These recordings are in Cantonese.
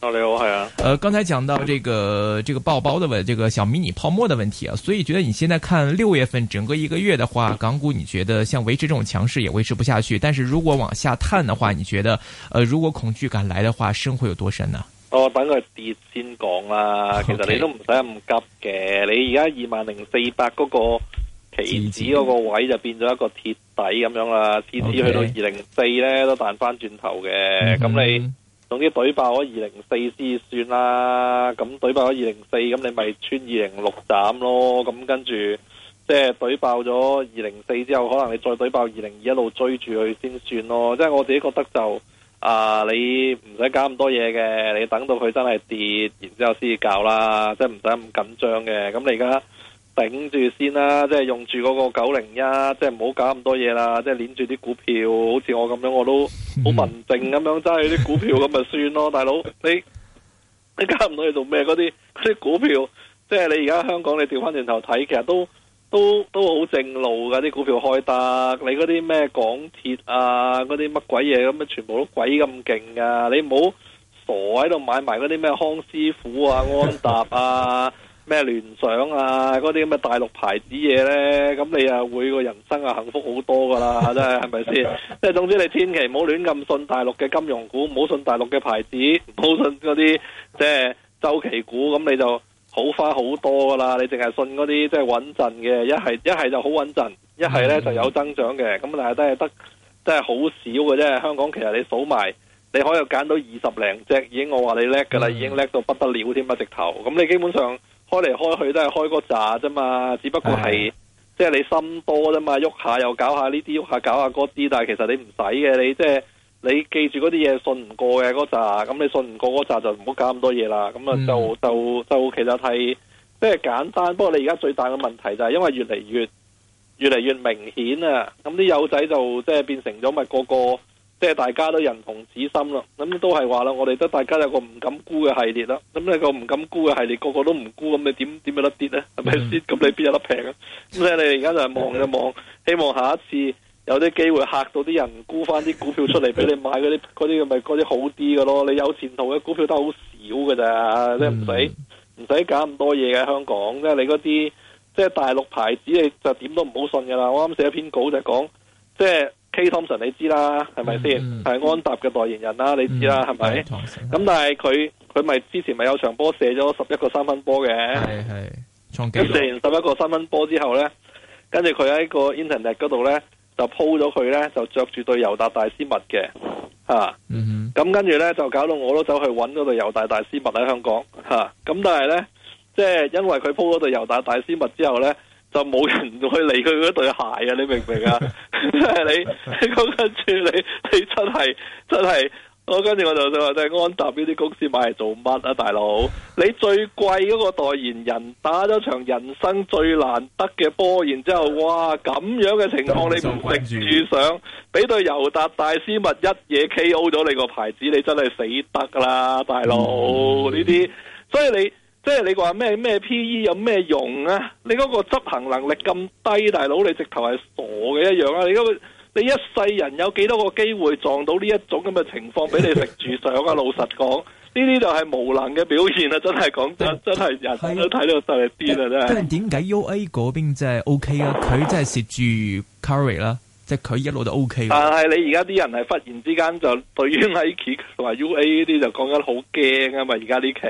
哦、你好，係啊。呃，剛才講到這個這個爆包，包的問，這個小迷你泡沫的問題啊，所以覺得你現在看六月份整個一個月的話，港股你覺得像維持這種強勢也維持不下去。但是如果往下探的話，你覺得，呃，如果恐懼感來的話，深會有多深呢、啊？哦，我等佢跌先講啦。Okay, 其實你都唔使咁急嘅。你而家二萬零四百嗰個期指嗰個位就變咗一個鐵底咁樣啦。次次己 Okay, 去到二零四咧都彈翻轉頭嘅。咁、嗯、哼你？總之懟爆咗二零四先算啦，咁懟爆咗二零四，咁你咪穿二零六斬咯，咁跟住即係懟爆咗二零四之後，可能你再懟爆二零二一路追住佢先算咯。即係我自己覺得就啊、呃，你唔使搞咁多嘢嘅，你等到佢真係跌，然之後先至搞啦，即係唔使咁緊張嘅。咁你而家？頂住先啦、啊，即係用住嗰個九零一，即係唔好搞咁多嘢啦，即係捻住啲股票，好似我咁樣，我都好文靜咁樣揸住啲股票咁咪算咯，嗯、 大佬你你加唔到你做咩？嗰啲啲股票，即係你而家香港你調翻轉頭睇，其實都都都好正路噶啲股票開得啊！你嗰啲咩港鐵啊，嗰啲乜鬼嘢咁，全部都鬼咁勁啊。你唔好傻喺度買埋嗰啲咩康師傅啊、安踏啊。 咩聯想啊，嗰啲咁嘅大陸牌子嘢呢？咁你啊會個人生啊幸福好多噶啦，真係係咪先？即係 總之你千祈唔好亂咁信大陸嘅金融股，唔好信大陸嘅牌子，唔好信嗰啲即係周期股，咁你就好返好多噶啦。你淨係信嗰啲即係穩陣嘅，一係一係就好穩陣，一係呢就有增長嘅。咁但係都係得，都係好少嘅啫。香港其實你數埋，你可以揀到二十零隻已經，我話你叻噶啦，已經叻、嗯、到不得了添，一直頭。咁你基本上。開嚟開去都係開個閘啫嘛，只不過係即係你心多啫嘛，喐下又搞下呢啲，喐下搞下嗰啲，但係其實你唔使嘅，你即、就、係、是、你記住嗰啲嘢，信唔過嘅嗰閘，咁你信唔過嗰閘就唔好搞咁多嘢啦。咁啊，就就就其實係即係簡單，不過你而家最大嘅問題就係因為越嚟越越嚟越明顯啊，咁啲友仔就即係、就是、變成咗咪個個。即係大家都人同此心啦，咁、嗯、都係話啦，我哋都大家有個唔敢沽嘅系列啦，咁、嗯、呢個唔敢沽嘅系列，個個都唔沽，咁你點點有得跌呢？係咪先？咁、嗯、你邊有得平啊？咁 即你而家就係望嘅望，希望下一次有啲機會嚇到啲人沽翻啲股票出嚟俾你買嗰啲啲，咪啲 好啲嘅咯。你有前途嘅股票都好少嘅咋，即係唔使唔使搞咁多嘢嘅香港。即係你嗰啲即係大陸牌子，你就點都唔好信噶啦。我啱寫一篇稿就講，即係。K Thompson 你知啦，係咪先？係吧、嗯、安踏嘅代言人啦，你知啦，係咪、嗯？咁吧但係佢佢咪之前咪有場波射咗十一個三分波嘅，係係創射完十一個三分波之後呢，跟住佢喺個 internet 嗰度呢，就 po 咗佢呢，就着住對尤達大師襪嘅，吓、啊，咁跟住呢，就搞到我都走去揾嗰對尤達大師襪喺香港，吓、啊，咁但係呢，即、就、係、是、因為佢 po 咗嗰對尤達大師襪之後呢，就冇人去理佢嗰對鞋啊，你明唔明啊？ 真係 你，你講跟住你，你真係真係，我跟住我就想就就安踏呢啲公司買嚟做乜啊，大佬？ 你最貴嗰個代言人打咗場人生最難得嘅波，然之後哇咁樣嘅情況你唔食住上，俾對尤達大師襪一嘢 K.O. 咗你個牌子，你真係死得㗎喇，大佬呢啲，所以你。即係你話咩咩 P.E. 有咩用啊？你嗰個執行能力咁低，大佬你直頭係傻嘅一樣啊！你個你一世人有幾多個機會撞到呢一種咁嘅情況俾你食住上啊？ 老實講，呢啲就係無能嘅表現啊！真係講 真真係人都睇到失禮啲啦，真係。但係點解 U.A. 嗰邊真係 O.K. 啊？佢真係蝕住 carry 啦。即係佢一路都 OK，但係你而家啲人係忽然之間就對於 Nike 同埋 UA 呢啲就講、嗯、得好驚啊嘛！而家呢期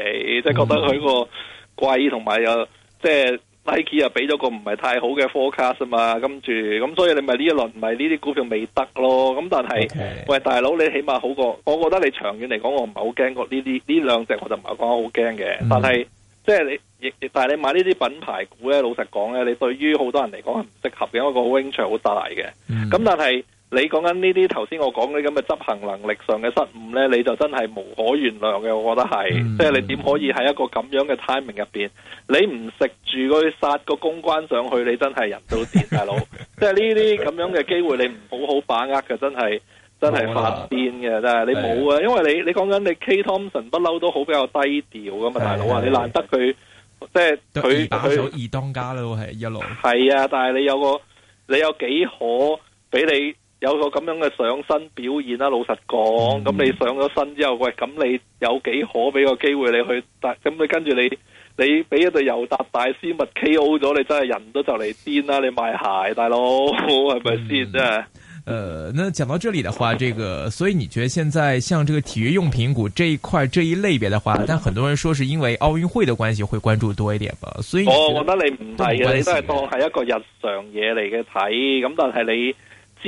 即係覺得佢個貴同埋又即係 Nike 又俾咗個唔係太好嘅 forecast 啊嘛，跟住咁所以你咪呢一輪咪呢啲股票未得咯。咁但係 Okay. 喂大佬你起碼好過，我覺得你長遠嚟講我唔係好驚過呢啲呢兩隻，兩隻我就唔係講得好驚嘅，嗯、但係。即係你，亦但係你買呢啲品牌股咧，老實講咧，你對於好多人嚟講係唔適合嘅，一個好風險好大嘅。咁、mm hmm. 但係你講緊呢啲頭先我講啲咁嘅執行能力上嘅失誤咧，你就真係無可原諒嘅，我覺得係。即係、mm hmm. 你點可以喺一個咁樣嘅 timing 入邊，你唔食住啲殺個公關上去，你真係人都跌曬佬。即係呢啲咁樣嘅機會，你唔好好把握嘅，真係。真係發癲嘅，真係你冇啊！對因為你你講緊你 K Thomson 不嬲都好比較低調噶嘛，大佬啊！你，你難得佢即係佢佢二當家咯，係一路。係啊，但係你有個你有幾可俾你有個咁樣嘅上身表現啦。老實講，咁、嗯、你上咗身之後，喂，咁你有幾可俾個機會你去大？咁你跟住你你俾一對尤達大師物 K O 咗，你真係人都就嚟癲啦！你賣鞋，大佬係咪先真啊真係？ 誒，呃、講到這裏的話，這個，所以你覺得現在像這個體育用品股這一塊這一類別的話，但很多人說是因為奧運會的關係會關注多一點吧？所以，我、哦、我覺得你唔係，你都係當係一個日常嘢嚟嘅睇，咁但係你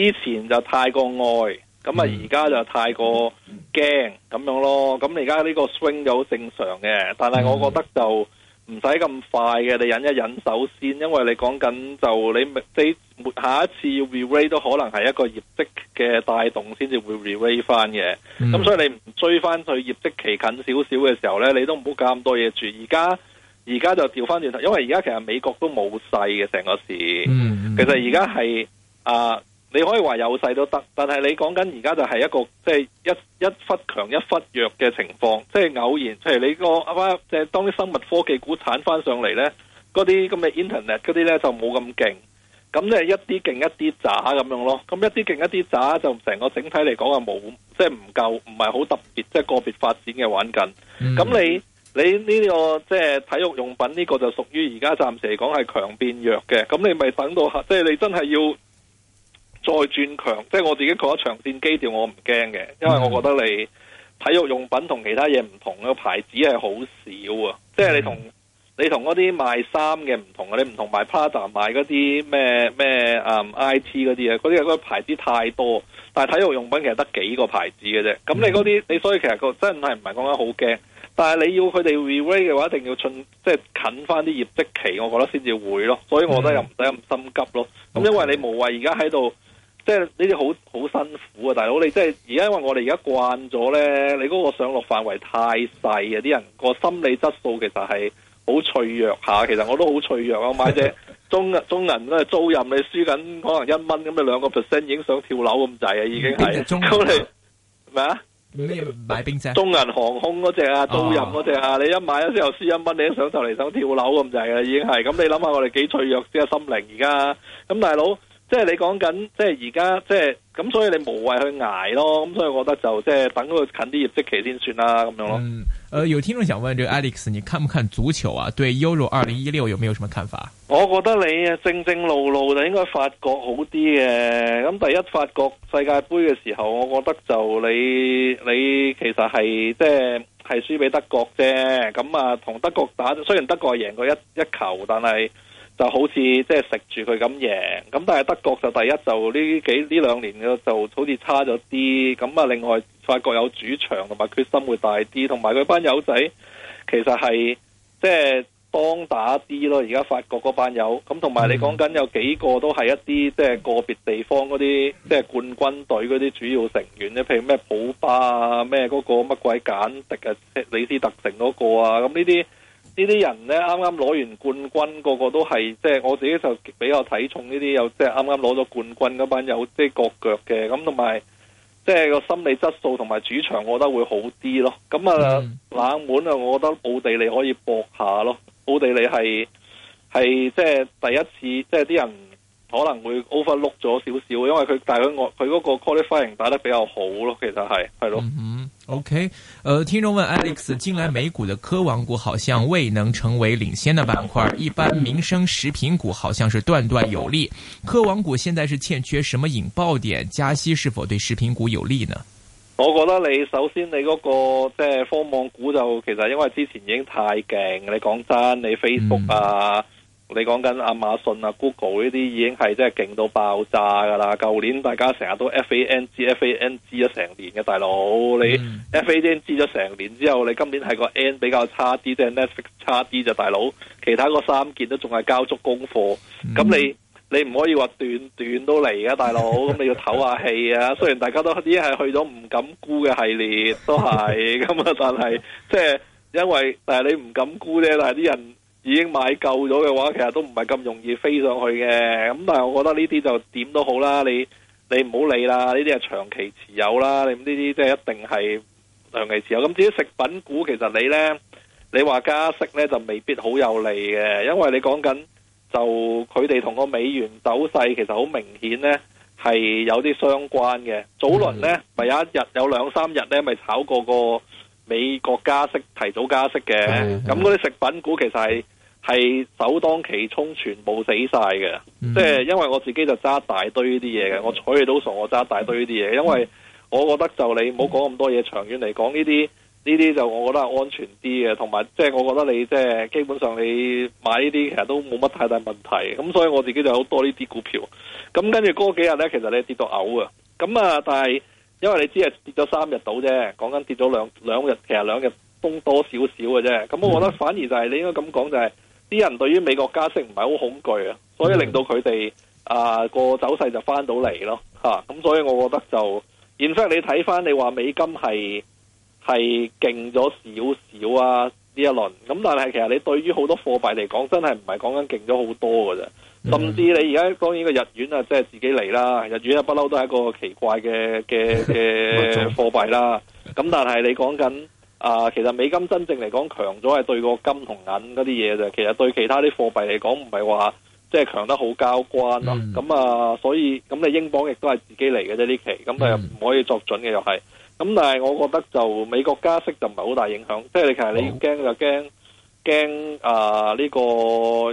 之前就太過愛，咁啊而家就太過驚咁、嗯、樣咯，咁你而家呢個 swing 就好正常嘅，但係我覺得就。嗯唔使咁快嘅，你忍一忍，首先，因為你講緊就你你下一次 reweigh 都可能係一個業績嘅帶動先至會 reweigh 翻嘅。咁、嗯嗯、所以你唔追翻佢業績期近少少嘅時候呢，你都唔好搞咁多嘢住。而家而家就調翻轉頭，因為而家其實美國都冇勢嘅成個市。嗯嗯、其實而家係啊。呃你可以話有細都得，但係你講緊而家就係一個即係、就是、一一忽強一忽弱嘅情況，即、就、係、是、偶然。譬、就、如、是、你個啊，即係、就是、當啲生物科技股鏟翻上嚟咧，嗰啲咁嘅 Internet 嗰啲咧就冇咁勁。咁咧一啲勁一啲渣咁樣咯。咁一啲勁一啲渣就成個整體嚟講啊，冇即係唔夠，唔係好特別，即、就、係、是、個別發展嘅玩緊。咁、嗯、你你呢、這個即係、就是、體育用品呢個就屬於而家暫時嚟講係強變弱嘅。咁你咪等到即係、就是、你真係要。再轉強，即係我自己覺得長線基調我唔驚嘅，因為我覺得你體育用品同其他嘢唔同咯，個牌子係好少啊。即係你同你同嗰啲賣衫嘅唔同，嗰啲唔同賣 partner 賣嗰啲咩咩嗯 IT 嗰啲啊，嗰啲嗰牌子太多，但係體育用品其實得幾個牌子嘅啫。咁你嗰啲你所以其實個真係唔係講得好驚，但係你要佢哋 re-rate 嘅話，一定要進即係近返啲業績期，我覺得先至會咯。所以我覺得又唔使咁心急咯。咁 Okay. 因為你無謂而家喺度。即係呢啲好好辛苦啊！大佬，你即係而家因為我哋而家慣咗咧，你嗰個上落範圍太細啊！啲人個心理質素其實係好脆弱下。其實我都好脆弱啊！我買隻中中銀個租賃，你輸緊可能一蚊咁啊，兩個 percent 已經想跳樓咁滯啊！已經係咁，你咩啊？麼你買邊隻？中銀航空嗰隻啊，租賃嗰隻啊，啊你，你一買咗之後輸一蚊，你都想就嚟想跳樓咁滯啊！已經係咁、嗯，你諗下我哋幾脆弱啲心靈而家咁，大佬。即係你講緊，即係而家，即係咁，所以你無謂去挨咯。咁所以我覺得就即係等佢近啲業績期先算啦，咁樣咯。嗯，誒、呃，有聽眾想問，呢個 Alex，你看唔看足球啊？對 Euro 二零一六有沒有什麼看法？我覺得你正正路路就應該法國好啲嘅。咁第一法國世界杯嘅時候，我覺得就你你其實係即係係輸俾德國啫。咁、嗯、啊，同德國打，雖然德國贏過一一球，但係。就好似即係食住佢咁贏，咁但係德國就第一就呢幾呢兩年嘅就好似差咗啲，咁啊，另外法國有主場同埋決心會大啲，同埋佢班友仔其實係即係當打啲咯。而家法國嗰班友咁，同埋你講緊有幾個都係一啲即係個別地方嗰啲即係冠軍隊嗰啲主要成員咧，譬如咩普巴啊，咩嗰個乜鬼簡迪啊，李斯特城嗰個啊，咁呢啲。呢啲人呢，啱啱攞完冠軍，個個都係，即係我自己就比較睇重呢啲有即係啱啱攞咗冠軍嗰班有即係國腳嘅，咁同埋即係個心理質素同埋主場，我覺得會好啲咯。咁啊，嗯、冷門啊，我覺得奧地利可以搏下咯。奧地利係係即係第一次，即係啲人。可能會 overlook 咗少少，因為佢但係我佢嗰個 quality 打得比較好咯，其實係係咯。OK，誒、呃，聽眾問 Alex，近來美股的科網股好像未能成為領先的板塊，一般民生食品股好像是斷斷有利。科網股現在是欠缺什麼引爆點？加息是否對食品股有利呢？我覺得你首先你嗰、那個即係、就是、科網股就其實因為之前已經太勁，你講真，你 Facebook 啊。嗯你講緊亞馬遜啊、Google 呢啲已經係即係勁到爆炸噶啦！舊年大家成日都 FANG、FANG 咗成年嘅大佬，你 FANG 咗成年之後，你今年係個 N 比較差啲，即係 Netflix 差啲就大佬，其他嗰三件都仲係交足功課。咁、嗯、你你唔可以話斷斷都嚟啊，大佬！咁你要唞下氣啊。雖然大家都已經係去咗唔敢沽嘅系列都係咁啊，但係即係因為但係你唔敢沽啫，但係啲人。已經買夠咗嘅話，其實都唔係咁容易飛上去嘅。咁但係我覺得呢啲就點都好啦，你你唔好理啦，呢啲係長期持有啦。你呢啲即係一定係長期持有。咁至於食品股，其實你呢，你話加息呢就未必好有利嘅，因為你講緊就佢哋同個美元走勢其實好明顯呢係有啲相關嘅。早輪呢咪有一日有兩三日呢咪炒過個。美國加息，提早加息嘅，咁嗰啲食品股其實係係首當其衝，全部死晒嘅。 即係因為我自己就揸大堆呢啲嘢嘅， 我睬你都傻，我揸大堆呢啲嘢。因為我覺得就你唔好講咁多嘢， 長遠嚟講呢啲呢啲就我覺得係安全啲嘅，同埋即係我覺得你即係基本上你買呢啲其實都冇乜太大問題。咁所以我自己就好多呢啲股票。咁跟住嗰幾日呢，其實你跌到嘔啊！咁啊，但係。因為你只係跌咗三日到啫，講緊跌咗兩兩日，其實兩日冧多少少嘅啫。咁我覺得反而就係、是、你應該咁講就係、是，啲人對於美國加息唔係好恐懼啊，所以令到佢哋啊個走勢就翻到嚟咯，吓、啊、咁、嗯、所以我覺得就，in fact 你睇翻你話美金係係勁咗少少啊呢一輪，咁但係其實你對於好多貨幣嚟講真係唔係講緊勁咗好多嘅啫。Mm hmm. 甚至你而家當然個日元啊，即係自己嚟啦，日元啊不嬲都係一個奇怪嘅嘅嘅貨幣啦。咁 但係你講緊啊、呃，其實美金真正嚟講強咗係對個金同銀嗰啲嘢啫。其實對其他啲貨幣嚟講，唔係話即係強得好交關啊。咁、mm hmm. 啊，所以咁你英鎊亦都係自己嚟嘅啫呢期。咁啊唔可以作準嘅又係。咁、mm hmm. 但係我覺得就美國加息就唔係好大影響。即係你其實你要驚就驚。驚啊！呢、呃這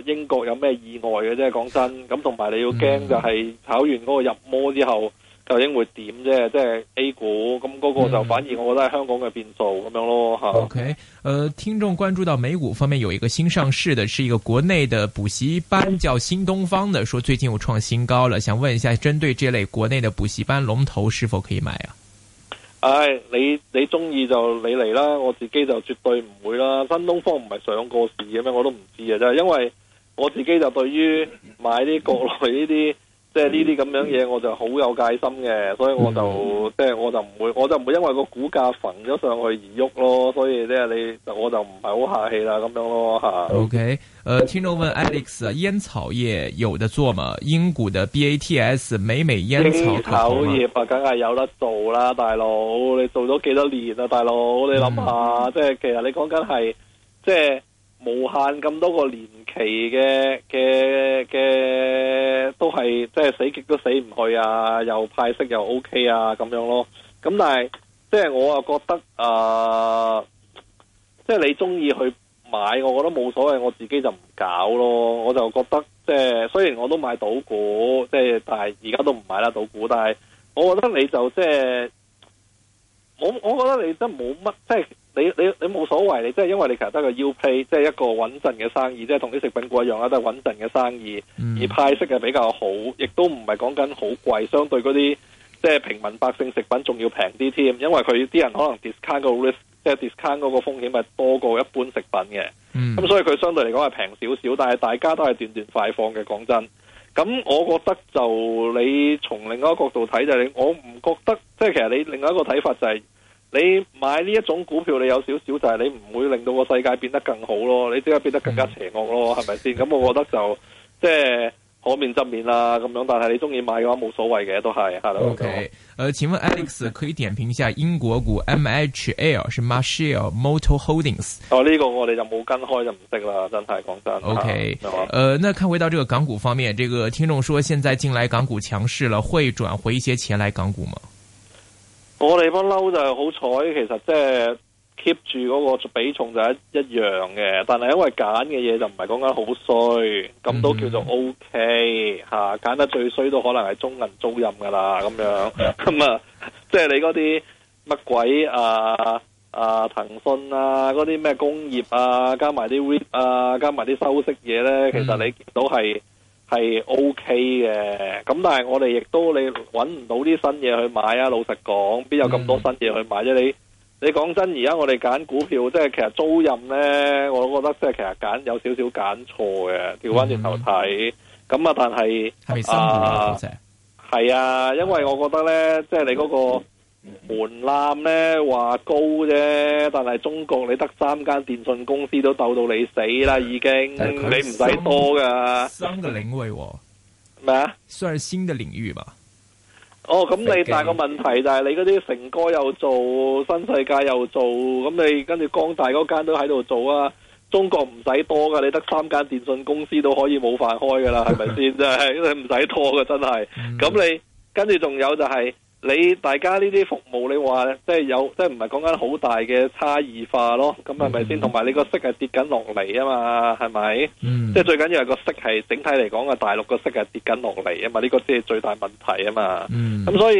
個英國有咩意外嘅啫，講真，咁同埋你要驚就係考完嗰個入摩之後、嗯、究竟會點啫，即、就、係、是、A 股，咁嗰個就反而我覺得係香港嘅變數咁樣咯吓。OK，誒，聽眾關注到美股方面有一個新上市的，是一個國內的補習班，叫新東方的，說最近又創新高了，想問一下，針對這類國內的補習班龍頭，是否可以買啊？唉、哎，你你中意就你嚟啦，我自己就絕對唔會啦。新東方唔係上過市嘅咩？我都唔知啊，就係因為我自己就對於買啲國內呢啲。即係呢啲咁樣嘢，嗯、我就好有戒心嘅，所以我就即係、嗯、我就唔會，我就唔會因為個股價浮咗上去而喐咯，所以即係你，我就唔係好客氣啦，咁樣咯吓。OK，誒、呃，聽眾問 Alex，煙草業有得做嘛？英股嘅 BATS 美美煙草，煙草業啊，梗係有得做啦，大佬，你做咗幾多年啦、啊，大佬，你諗下，嗯、即係其實你講緊係即係。無限咁多個年期嘅嘅嘅，都係即係死極都死唔去啊！又派息又 OK 啊，咁樣咯。咁但係即係我又覺得啊，即係你中意去買，我覺得冇所謂。我自己就唔搞咯。我就覺得即係，雖然我都買賭股，即係但係而家都唔買啦賭股。但係我覺得你就即係，我我覺得你都冇乜即係。你你你冇所謂，你即係因為你其實得個 up，即係一個穩陣嘅生意，即係同啲食品股一樣啊，都係穩陣嘅生意。Mm. 而派息係比較好，亦都唔係講緊好貴，相對嗰啲即係平民百姓食品仲要平啲添，因為佢啲人可能 discount 嘅 risk，即係 discount 嗰個風險咪多過一般食品嘅。咁、mm. 所以佢相對嚟講係平少少，但係大家都係斷斷快放嘅。講真，咁我覺得就你從另外一個角度睇就係、是，我唔覺得即係其實你另外一個睇法就係、是。你買呢一種股票，你有少少就係你唔會令到個世界變得更好咯，你只係變得更加邪惡咯，係咪先？咁我覺得就即係、就是、可免則免啦咁樣，但係你中意買嘅話冇所謂嘅，都係。o Okay ,嘅是。誒、呃，請問 Alex 可以點評一下英國股 MHL 是 Marshall Motor Holdings？哦，呢、這個我哋就冇跟開就唔識啦，真係講真。OK，誒吧、呃，那看回到這個港股方面，這個聽眾說現在近來港股強勢了，會轉回一些錢來港股嗎？我哋不嬲就係好彩，其實即係 keep 住嗰個比重就一一樣嘅，但係因為揀嘅嘢就唔係講緊好衰，咁都叫做 O K 吓，揀得最衰都可能係中銀租賃噶啦咁樣，咁啊，即係你嗰啲乜鬼啊啊騰訊啊，嗰啲咩工業啊，加埋啲 REITs 啊，加埋啲收息嘢咧，其實你見到係。係 O K 嘅，咁、OK、但係我哋亦都你揾唔到啲新嘢去買啊！老實講，邊有咁多新嘢去買啫，啊？你你講真，而家我哋揀股票，即係其實租賃呢，我覺得即係其實揀有少少揀錯嘅。調翻轉頭睇，咁啊，但係係咪新？係啊，因為我覺得呢，即係你嗰，那個。門檻咧話高啫，但係中國你得三間電信公司都鬥到你死啦，已經是你唔使多噶。三個領域，咩啊麼？算係新嘅領域嘛。哦，咁你機但係個問題就係、是、你嗰啲誠哥又做，新世界又做，咁你跟住光大嗰間都喺度做啊。中國唔使多噶，你得三間電信公司都可以冇飯開噶啦，係咪先？真係因為唔使多噶，真係、嗯。咁你跟住仲有就係、是。你大家呢啲服務，你話即係有，即係唔係講緊好大嘅差異化咯？咁係咪先？同埋、嗯、你息、嗯、個息係跌緊落嚟啊嘛？係咪？即係最緊要係個息係整體嚟講嘅大陸個息係跌緊落嚟啊嘛？呢個先係最大問題啊嘛。嗯，咁、嗯、所以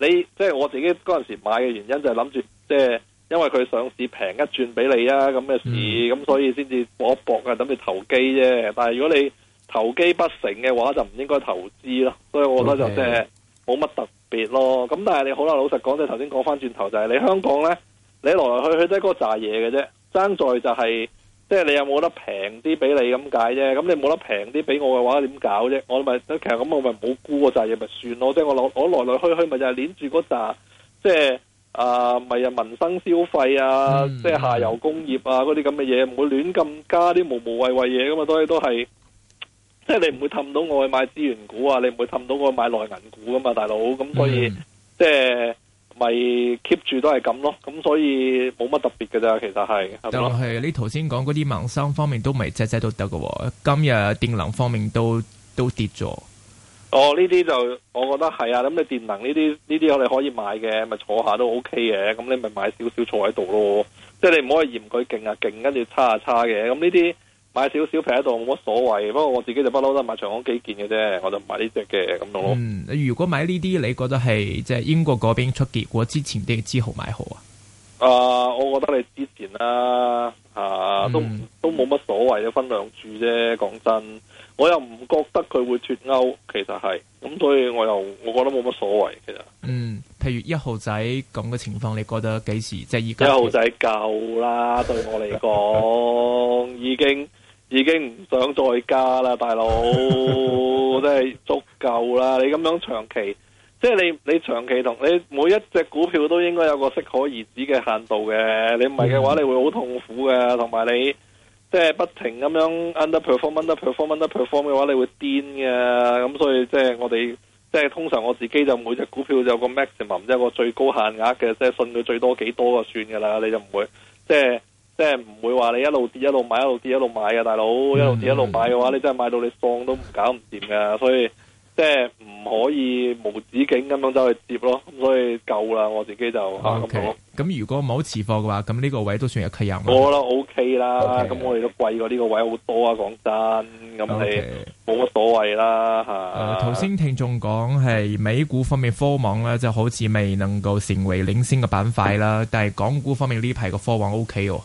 你即係我自己嗰陣時買嘅原因就係諗住，即係因為佢上市平一轉俾你啊，咁嘅事。咁、嗯嗯、所以先至搏一搏呀諗住投機啫。但係如果你投機不成嘅話，就唔應該投資囉。所以我覺得就即係冇乜特。Okay. 嗯別咯，咁、嗯嗯嗯、但係你好啦，老實講，即係頭先講翻轉頭，就係、是、你香港咧，你來來去去都係嗰扎嘢嘅啫，爭在就係、是，即、就、係、是、你有冇得平啲俾你咁解啫，咁你冇得平啲俾我嘅話，點搞啫？我咪，其實咁我咪冇估個扎嘢咪算咯，即、就、係、是、我攞攞來來去去咪就係捏住嗰扎，即係啊，咪、呃、啊民生消費啊，即係、嗯、下游工業啊，嗰啲咁嘅嘢，唔、嗯、會亂咁加啲無無謂謂嘢噶嘛，所以都係。都即係你唔會氹到我去買資源股啊，你唔會氹到我去買內銀股噶嘛，大佬。咁所以、嗯、即係咪 keep 住都係咁咯。咁所以冇乜特別噶咋，其實係。係咪？但係你頭先講嗰啲民生方面都咪隻只都得噶。今日電能方面都都跌咗。哦，呢啲就我覺得係啊。咁你電能呢啲呢啲我哋可以買嘅，咪坐下都 OK 嘅。咁你咪買少少坐喺度咯。即係你唔可以嫌佢勁啊勁，跟住差啊差嘅。咁呢啲。買少少平喺度冇乜所謂，不過我自己就不嬲都買長嗰幾件嘅啫，我就唔買呢隻嘅咁咯。嗯，如果買呢啲，你覺得係即係英國嗰邊出結果之前定之後買好，呃、啊。啊，我覺得你之前啦，啊都都冇乜所謂，分兩注啫。講真，我又唔覺得佢會脫歐，其實係咁，所以我又我覺得冇乜所謂嘅。其實嗯，譬如一號仔咁嘅情況，你覺得幾時？即係而家一號仔夠啦，對我嚟講 已經。已經唔想再加啦，大佬， 真係足夠啦！你咁樣長期，即係你你長期同你每一隻股票都應該有個適可而止嘅限度嘅。你唔係嘅話，你會好痛苦嘅，同埋你即係不停咁樣 underperform、underperform、underperform 嘅話，你會癲嘅。咁所以即係我哋即係通常我自己就每隻股票就有個 maximum 即係個最高限額嘅，即係信佢最多幾多就算㗎啦，你就唔會即係。即係唔會話你一路跌一路買一路跌一路買啊，大佬一路跌一路買嘅話，你真係買到你賬都唔搞唔掂噶，所以即係唔可以無止境咁樣走去接咯。所以夠啦，我自己就吓咁、啊 okay, 如果冇持貨嘅話，咁呢個位都算有吸引。我啦 OK 啦，咁 Okay, 我哋都貴過呢個位好多啊，講真，咁你冇乜所謂啦吓。頭先聽眾講係美股方面科網咧，就好似未能夠成為領先嘅板塊啦，嗯、但係港股方面呢排個科網 OK 哦。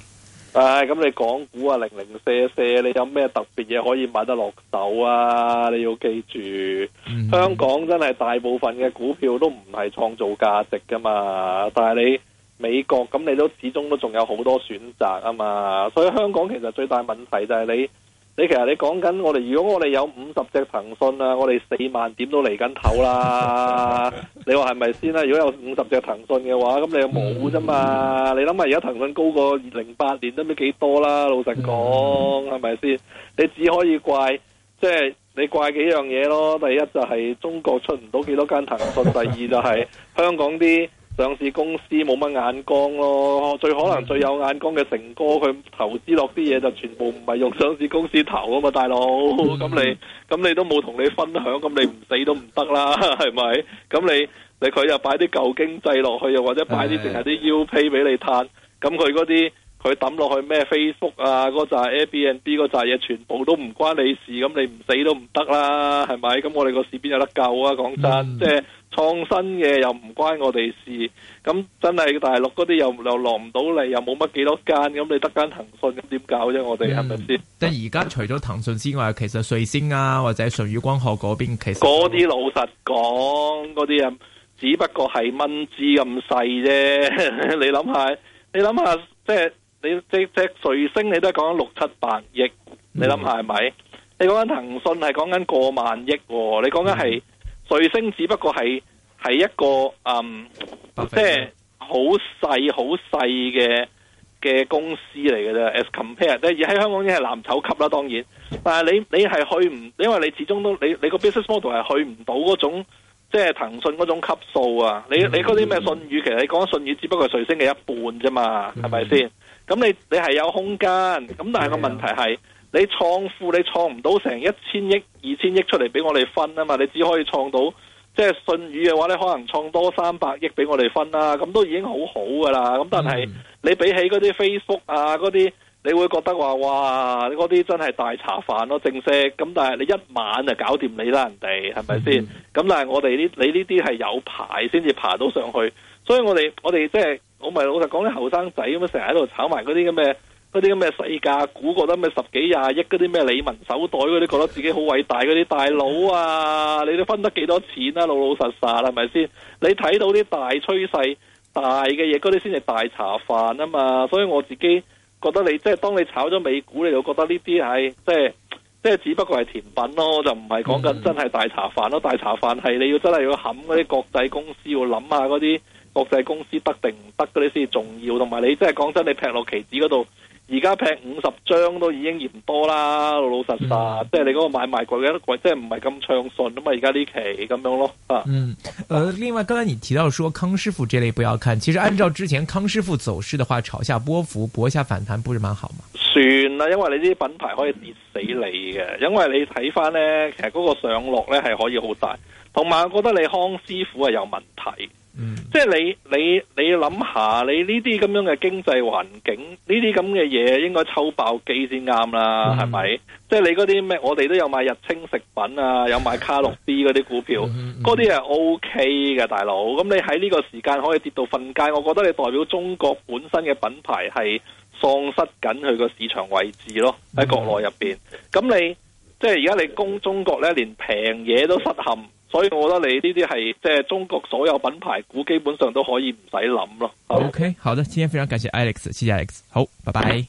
唉，咁、哎、你港股啊零零四舍，你有咩特別嘢可以買得落手啊？你要記住，嗯嗯，香港真係大部分嘅股票都唔係創造價值㗎嘛。但係你美國，咁，你都始終都仲有好多選擇啊嘛。所以香港其實最大問題就係你。你其實你講緊我哋，如果我哋有五十隻騰訊啊，我哋四萬點都嚟緊頭啦。你話係咪先啦？如果有五十隻騰訊嘅話，咁你又冇啫嘛？你諗下而家騰訊高過零八年都唔知幾多啦，老實講係咪先？你只可以怪，即係你怪幾樣嘢咯。第一就係中國出唔到幾多間騰訊，第二就係香港啲。上市公司冇乜眼光咯，最可能最有眼光嘅成哥，佢投資落啲嘢，就全部唔係用上市公司投啊嘛，大佬。咁、嗯、你咁你都冇同你分享，咁你唔死都唔得啦，係咪？咁你你佢又擺啲舊經濟落去，又或者擺啲淨係啲 UP 俾你嘆，咁佢嗰啲佢抌落去咩 Facebook 啊，嗰扎 Airbnb 嗰扎嘢，全部都唔關你事，咁你唔死都唔得啦，係咪？咁我哋個市邊有得救啊？講真，嗯、即係。創新嘅又唔關我哋事，咁真係大陸嗰啲又又落唔到嚟，又冇乜幾多間，咁你得間騰訊咁點搞啫？我哋係咪先？即係而家除咗騰訊之外，其實瑞星啊或者舜宇光學嗰邊，其實嗰啲老實講，嗰啲啊，只不過係蚊子咁細啫。你諗下，你諗下，即係你即係瑞星，你都係講緊六七百億，嗯、你諗下係咪？你講緊騰訊係講緊過萬億，你講緊係。嗯瑞星只不過係係一個嗯，即係好細好細嘅嘅公司嚟嘅啫，as compare 咧，而喺香港已經係藍籌級啦，當然，但係你你係去唔，因為你始終都你你個 business model 係去唔到嗰種，即係騰訊嗰種級數啊，你你嗰啲咩信譽，其實你講信譽只不過係瑞星嘅一半啫嘛，係咪先？咁你你係有空間，咁但係個問題係。你創富你創唔到成一千億二千億出嚟俾我哋分啊嘛，你只可以創到即係信譽嘅話你可能創多三百億俾我哋分啦，咁都已經好好噶啦。咁但係你比起嗰啲 Facebook 啊嗰啲，你會覺得話哇，你嗰啲真係大茶飯咯，正式。咁但係你一晚就搞掂你啦，人哋係咪先？咁但係我哋呢，嗯嗯你呢啲係有排先至爬到上去。所以我哋我哋即係我咪老實講啲後生仔咁樣，成日喺度炒埋嗰啲咁嘅。嗰啲咁嘅細價股，覺得咩十幾廿億嗰啲咩理文手袋嗰啲，覺得自己好偉大嗰啲大佬啊！你都分得幾多錢啊？老老實實啦，係咪先？你睇到啲大趨勢、大嘅嘢嗰啲先係大茶飯啊嘛！所以我自己覺得你即係當你炒咗美股，你就覺得呢啲係即係即係只不過係甜品咯，就唔係講緊真係大茶飯咯。Mm hmm. 大茶飯係你要真係要冚嗰啲國際公司，要諗下嗰啲國際公司得定唔得嗰啲先重要。同埋你即係講真，你劈落棋子嗰度。而家劈五十張都已經嫌多啦，老老實實，嗯、即係你嗰個買賣貴嘅都貴，即係唔係咁暢順咁啊！而家呢期咁樣咯，吓。嗯。誒、呃， 另外，剛才你提到說康師傅這類不要看，其實按照之前康師傅走勢的話，炒下波幅，搏下反彈，不是蠻好嗎？算啦，因為你啲品牌可以跌死你嘅，因為你睇翻咧，其實嗰個上落咧係可以好大，同埋我覺得你康師傅係有問題。嗯、即係你你你諗下，你呢啲咁樣嘅經濟環境，呢啲咁嘅嘢應該抽爆機先啱啦，係咪、嗯？即係你嗰啲咩，我哋都有買日清食品啊，有買卡樂 B 嗰啲股票，嗰啲係 OK 嘅，大佬。咁你喺呢個時間可以跌到瞓街，我覺得你代表中國本身嘅品牌係喪失緊佢個市場位置咯，喺國內入邊。咁、嗯、你即係而家你供中國咧，連平嘢都失陷。所以我覺得你呢啲係即係中國所有品牌股基本上都可以唔使諗咯。OK，好的，今天非常感謝 Alex，謝謝 Alex，好，拜拜。